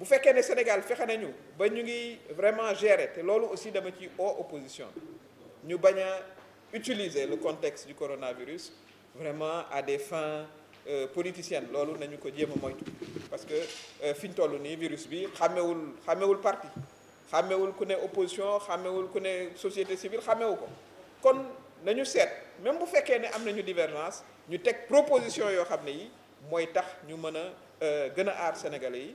bu fekkee ne Sénégal fexe nañu ba ñu ngi vraiment gérer te loolu aussi dama ci au opposition ñu bañ a utiliser le contexte du coronavirus vraiment à des fins euh, politiciennes loolu nañu ko jéem a parce que euh, fi ñu toll nii virus bi xàmmewul xàmmewul parti xàmmewul ku ne opposition xàmmewul ku ne société civile xàmmewu ko kon nañu seet même bu fekkee ne am nañu divergence ñu teg proposition yo. xam ne yi mooy tax ñu mën a euh, gën a sénégalais yi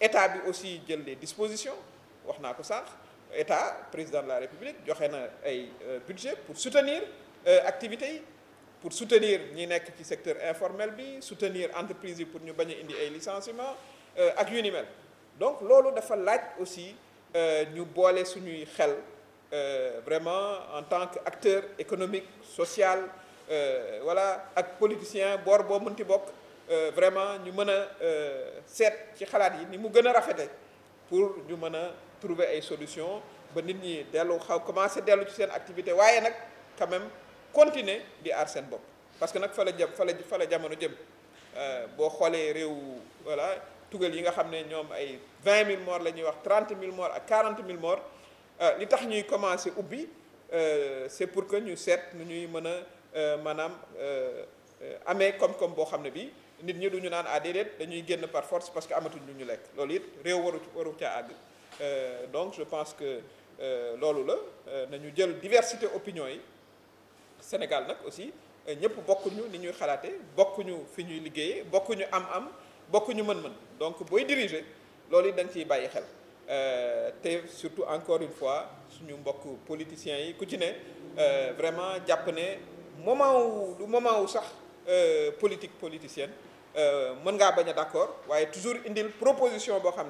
L'État a aussi des dispositions je l'ai dit, l'État, état président de la république a un euh, budget pour soutenir l'activité, euh, pour soutenir les nekk ci secteur informel soutenir les entreprises pour ñu licenciements, des indi ay licenciement euh, ak yu ni mel donc loolu dafa laaj aussi ñu boole suñuy xel vraiment en tant qu'acteur économique social voilà ak politicien boire boo mënti euh, vraiment nous menons euh, ce chaladie, nous nous gênons rafeté pour trouver des solutions. pour nous y allons, on commence d'aller toutes ces activités. Ouais, on a quand même parce que nous fallait déjà, fallait déjà, fallait déjà monter. Tout le monde a ramené nous à 20 000 morts, 30 000 morts, à 40 000 morts. Euh, Les techniques ont commencé oubli. Euh, c'est pour que nous sept nous y menons, madame. Euh, euh, comme comme bo xamné nit ñi duñu naan ah déedéet dañuy génn par force parce que amatuñ lu ñu lekk loolu it réew waru waru caa àgg euh, donc je pense que euh, loolu la euh, nañu jël diversité opinion yi Sénégal nag aussi ñëpp bokkuñu ni ñuy xalaate bokkuñu fi ñuy liggéeyee bokkuñu am-am bokkuñu mën-mën donc booy diriger loolu it da nga ciy bàyyi xel te surtout encore une fois suñu mbokk politiciens yi ku ci ne vraiment jàpp ne moment wu du moment wu sax politique politicienne Je euh, suis d'accord, d'accord Ouais, toujours une proposition à